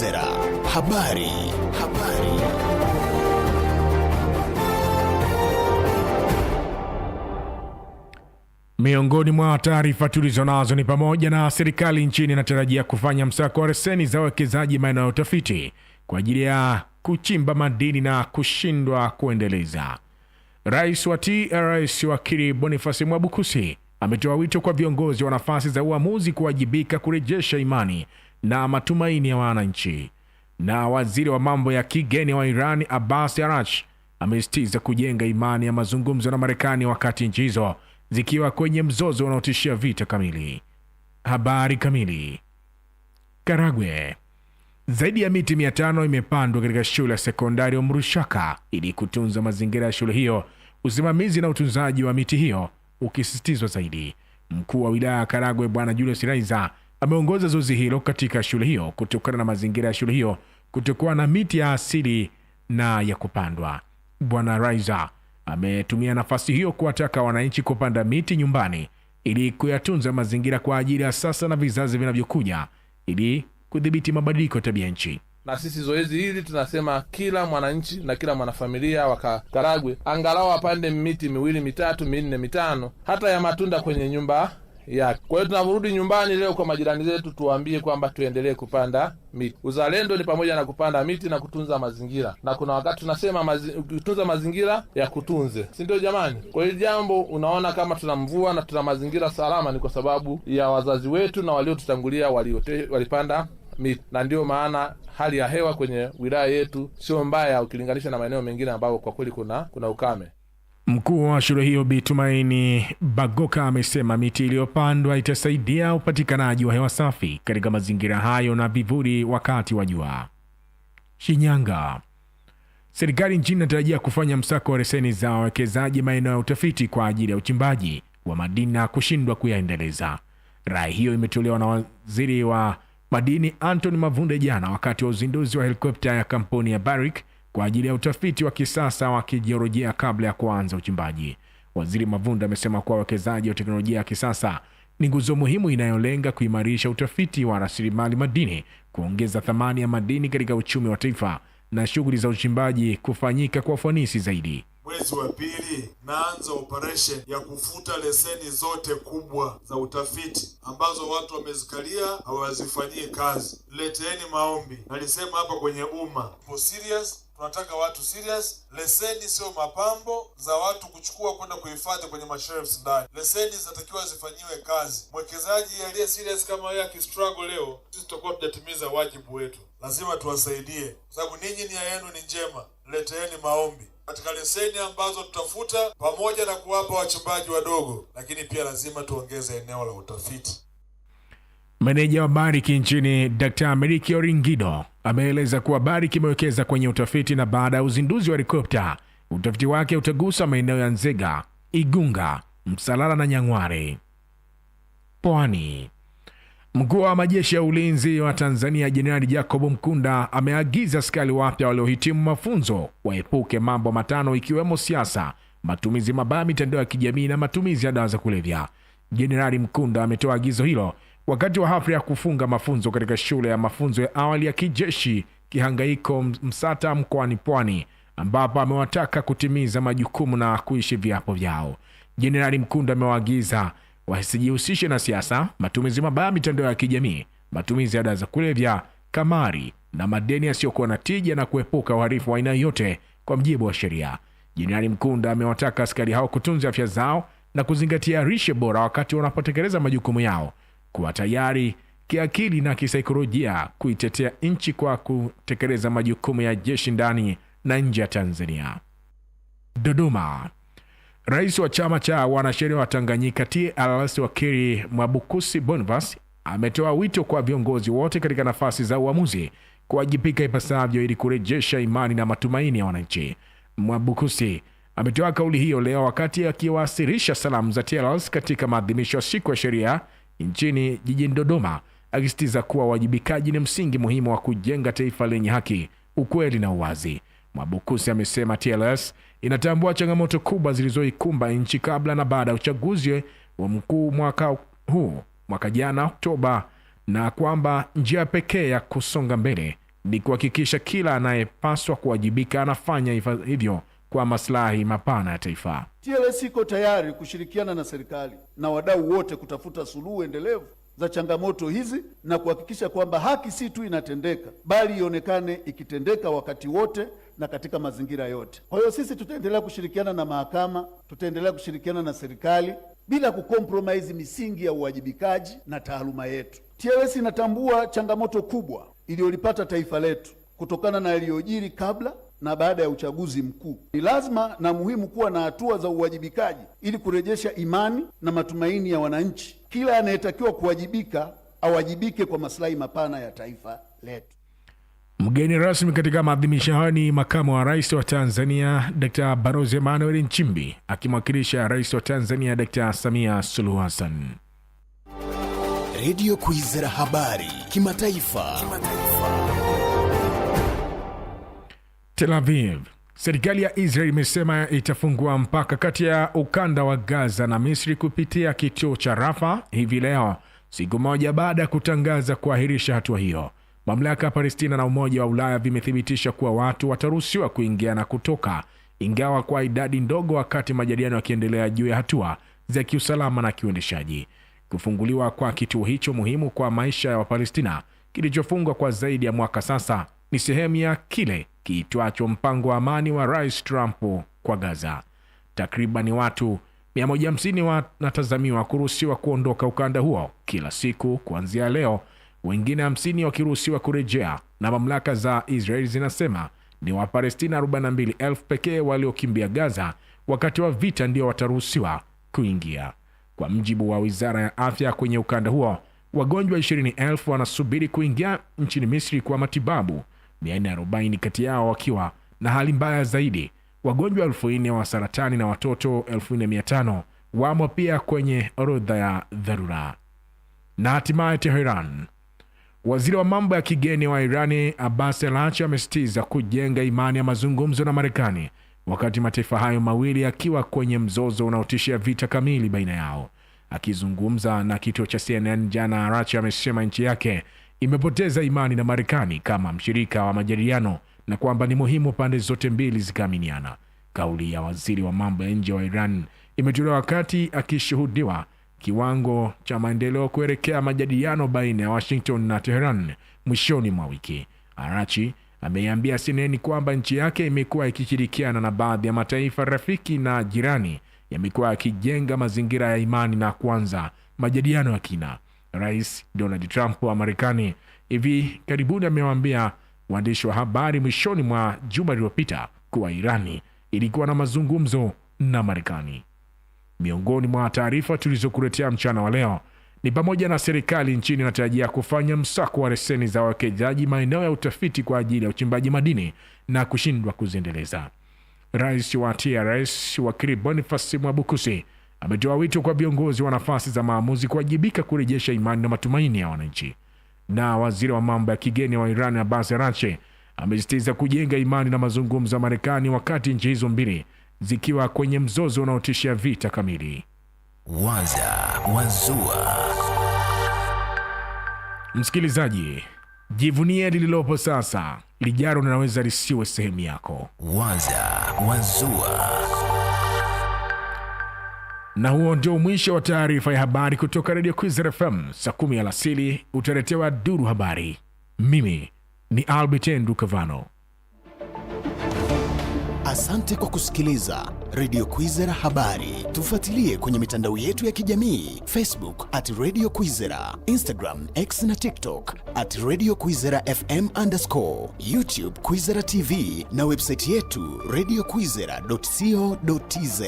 Sera, habari, habari. Miongoni mwa taarifa tulizonazo ni pamoja na serikali nchini inatarajia kufanya msako wa leseni za wawekezaji maeneo ya utafiti kwa ajili ya kuchimba madini na kushindwa kuendeleza. Rais wa TRS wakili Bonifasi Mwabukusi ametoa wito kwa viongozi wa nafasi za uamuzi kuwajibika kurejesha imani na matumaini ya wananchi. Na waziri wa mambo ya kigeni wa Iran Abbas Araghchi amesitiza kujenga imani ya mazungumzo na Marekani wakati nchi hizo zikiwa kwenye mzozo unaotishia vita kamili. Habari kamili. Karagwe. Zaidi ya miti mia tano imepandwa katika shule ya sekondari ya Mrushaka ili kutunza mazingira ya shule hiyo, usimamizi na utunzaji wa miti hiyo ukisisitizwa zaidi. Mkuu wa wilaya ya Karagwe Bwana Julius Raiza ameongoza zoezi hilo katika shule hiyo kutokana na mazingira ya shule hiyo kutokuwa na miti ya asili na ya kupandwa. Bwana Raiza ametumia nafasi hiyo kuwataka wananchi kupanda miti nyumbani ili kuyatunza mazingira kwa ajili ya sasa na vizazi vinavyokuja ili kudhibiti mabadiliko ya tabia nchi. Na sisi zoezi hili tunasema kila mwananchi na kila mwanafamilia wa Karagwe angalau apande miti miwili mitatu minne mitano hata ya matunda kwenye nyumba ya Kwa hiyo tunarudi nyumbani leo kwa majirani zetu, tuwaambie kwamba tuendelee kupanda miti. Uzalendo ni pamoja na kupanda miti na kutunza mazingira, na kuna wakati tunasema mazi, kutunza mazingira ya kutunze, si ndio jamani? Kwa hiyo jambo unaona kama tuna mvua na tuna mazingira salama, ni kwa sababu ya wazazi wetu na waliotutangulia walipanda miti na ndiyo maana hali ya hewa kwenye wilaya yetu sio mbaya ukilinganisha na maeneo mengine ambayo kwa kweli kuna kuna ukame. Mkuu wa shule hiyo Bi Tumaini Bagoka amesema miti iliyopandwa itasaidia upatikanaji wa hewa safi katika mazingira hayo na vivuli wakati wa jua. Shinyanga. Serikali nchini inatarajia kufanya msako wa leseni za wawekezaji maeneo ya utafiti kwa ajili ya uchimbaji wa madini na kushindwa kuyaendeleza. Rai hiyo imetolewa na Waziri wa Madini Anthony Mavunde jana wakati wa uzinduzi wa helikopta ya kampuni ya Barrick kwa ajili ya utafiti wa kisasa wa kijiolojia kabla ya kuanza uchimbaji. Waziri Mavunda amesema kuwa wawekezaji wa teknolojia ya kisasa ni nguzo muhimu inayolenga kuimarisha utafiti wa rasilimali madini, kuongeza thamani ya madini katika uchumi wa taifa na shughuli za uchimbaji kufanyika kwa ufanisi zaidi mwezi wa pili, naanza operation ya kufuta leseni zote kubwa za utafiti ambazo watu wamezikalia hawazifanyii kazi. Leteeni maombi, nalisema hapa kwenye umma serious tunataka watu serious. Leseni sio mapambo za watu kuchukua kwenda kuhifadhi kwenye mashelves ndani. Leseni zinatakiwa zifanyiwe kazi. Mwekezaji aliye serious kama yeye akistruggle leo, sisi tutakuwa tujatimiza wajibu wetu. Lazima tuwasaidie, kwa sababu ninyi nia yenu ni njema. Leteeni maombi katika leseni ambazo tutafuta pamoja na kuwapa wachimbaji wadogo, lakini pia lazima tuongeze eneo la utafiti. Meneja wa Bariki nchini Dr. Ameriki Oringido ameeleza kuwa Bariki imewekeza kwenye utafiti na baada ya uzinduzi wa helikopta utafiti wake utagusa maeneo ya Nzega, Igunga, Msalala na Nyang'ware Pwani. Mkuu wa majeshi ya ulinzi wa Tanzania Jenerali Jacob Mkunda ameagiza askari wapya waliohitimu mafunzo waepuke mambo matano ikiwemo siasa, matumizi mabaya mitandao ya kijamii na matumizi ya dawa za kulevya. Jenerali Mkunda ametoa agizo hilo wakati wa hafla ya kufunga mafunzo katika shule ya mafunzo ya awali ya kijeshi Kihangaiko Msata mkoani Pwani, ambapo amewataka kutimiza majukumu na kuishi viapo vyao. Jenerali Mkunda amewaagiza wasijihusishe na siasa, matumizi mabaya ya mitandao ya kijamii, matumizi ya dawa za kulevya, kamari na madeni yasiyokuwa na tija na kuepuka uhalifu wa aina yoyote kwa mjibu wa sheria. Jenerali Mkunda amewataka askari hao kutunza afya zao na kuzingatia lishe bora wakati wanapotekeleza majukumu yao, kuwa tayari kiakili na kisaikolojia kuitetea nchi kwa kutekeleza majukumu ya jeshi ndani na nje ya Tanzania. Dodoma. Rais wa chama cha wanasheria wa Tanganyika TLS wakili Mwabukusi Boniface ametoa wito kwa viongozi wote katika nafasi za uamuzi kuwajibika ipasavyo ili kurejesha imani na matumaini ya wananchi. Mwabukusi ametoa kauli hiyo leo wakati akiwasilisha salamu za TLS katika maadhimisho ya siku ya sheria nchini jijini Dodoma, akisitiza kuwa uwajibikaji ni msingi muhimu wa kujenga taifa lenye haki, ukweli na uwazi. Mwabukusi amesema TLS inatambua changamoto kubwa zilizoikumba nchi kabla na baada ya uchaguzi wa mkuu mwaka huu mwaka jana Oktoba, na kwamba njia pekee ya kusonga mbele ni kuhakikisha kila anayepaswa kuwajibika anafanya hivyo kwa maslahi mapana ya taifa. TLS iko tayari kushirikiana na serikali na wadau wote kutafuta suluhu endelevu za changamoto hizi na kuhakikisha kwamba haki si tu inatendeka bali ionekane ikitendeka wakati wote na katika mazingira yote. Kwa hiyo sisi tutaendelea kushirikiana na mahakama, tutaendelea kushirikiana na serikali bila kukompromise misingi ya uwajibikaji na taaluma yetu. TLS inatambua changamoto kubwa iliyolipata taifa letu kutokana na yaliyojiri kabla na baada ya uchaguzi mkuu. Ni lazima na muhimu kuwa na hatua za uwajibikaji ili kurejesha imani na matumaini ya wananchi kila anayetakiwa kuwajibika awajibike kwa maslahi mapana ya taifa letu. Mgeni rasmi katika maadhimisho hayo ni makamu wa rais wa Tanzania Dkt. Balozi Emmanuel Nchimbi akimwakilisha rais wa Tanzania Dkt. Samia Suluhu Hassan. Radio Kwizera habari kimataifa, Kima Tel Aviv Serikali ya Israel imesema itafungua mpaka kati ya ukanda wa Gaza na Misri kupitia kituo cha Rafa hivi leo, siku moja baada ya kutangaza kuahirisha hatua hiyo. Mamlaka ya Palestina na Umoja wa Ulaya vimethibitisha kuwa watu wataruhusiwa kuingia na kutoka, ingawa kwa idadi ndogo, wakati majadiliano yakiendelea juu ya hatua za kiusalama na kiuendeshaji. Kufunguliwa kwa kituo hicho muhimu kwa maisha ya Wapalestina kilichofungwa kwa zaidi ya mwaka sasa ni sehemu ya kile kiitwacho mpango wa amani wa Rais Trump kwa Gaza. takriban watu 150 wanatazamiwa kuruhusiwa kuondoka ukanda huo kila siku kuanzia leo, wengine 50 wakiruhusiwa kurejea, na mamlaka za Israeli zinasema ni Wapalestina 42 pekee waliokimbia Gaza wakati wa vita ndio wataruhusiwa kuingia. Kwa mjibu wa wizara ya afya kwenye ukanda huo, wagonjwa 20 wanasubiri kuingia nchini Misri kwa matibabu 440 kati yao wakiwa na hali mbaya zaidi. Wagonjwa elfu nne wa saratani na watoto elfu nne mia tano wamo pia kwenye orodha ya dharura. Na hatimaye Teheran, waziri wa mambo ya kigeni wa Irani Abbas Araghchi amesisitiza kujenga imani ya mazungumzo na Marekani wakati mataifa hayo mawili yakiwa kwenye mzozo unaotishia vita kamili baina yao. Akizungumza na kituo cha CNN jana, Araghchi amesema nchi yake imepoteza imani na Marekani kama mshirika wa majadiliano na kwamba ni muhimu pande zote mbili zikaaminiana. Kauli ya waziri wa mambo ya nje wa Iran imetolewa wakati akishuhudiwa kiwango cha maendeleo kuelekea majadiliano baina ya Washington na Teheran mwishoni mwa wiki. Arachi ameiambia CNN kwamba nchi yake imekuwa ikishirikiana na baadhi ya mataifa rafiki na jirani, yamekuwa yakijenga mazingira ya imani na kuanza majadiliano ya kina. Rais Donald Trump wa Marekani hivi karibuni amewaambia waandishi wa habari mwishoni mwa juma iliyopita kuwa Irani ilikuwa na mazungumzo na Marekani. Miongoni mwa taarifa tulizokuletea mchana wa leo ni pamoja na serikali nchini inatarajia kufanya msako wa leseni za wawekezaji maeneo ya utafiti kwa ajili ya uchimbaji madini na kushindwa kuziendeleza. Rais wa TRS wakili Boniface Mwabukusi ametoa wito kwa viongozi wa nafasi za maamuzi kuwajibika kurejesha imani na matumaini ya wananchi. Na waziri wa mambo ya kigeni wa Iran Abbas Araghchi amesisitiza kujenga imani na mazungumzo ya Marekani wakati nchi hizo mbili zikiwa kwenye mzozo unaotishia vita kamili. Waza Wazua, msikilizaji, jivunia lililopo sasa, lijaro linaweza lisiwe sehemu yako. Waza Wazua. Na huo ndio mwisho wa taarifa ya habari kutoka Radio Kwizera FM. Saa kumi alasiri utaletewa duru habari. Mimi ni Albert Ndukavano. Asante kwa kusikiliza Radio Kwizera Habari. Tufuatilie kwenye mitandao yetu ya kijamii Facebook at Radio Kwizera, Instagram, X na TikTok at Radio Kwizera FM underscore, YouTube Kwizera TV na website yetu radiokwizera.co.tz.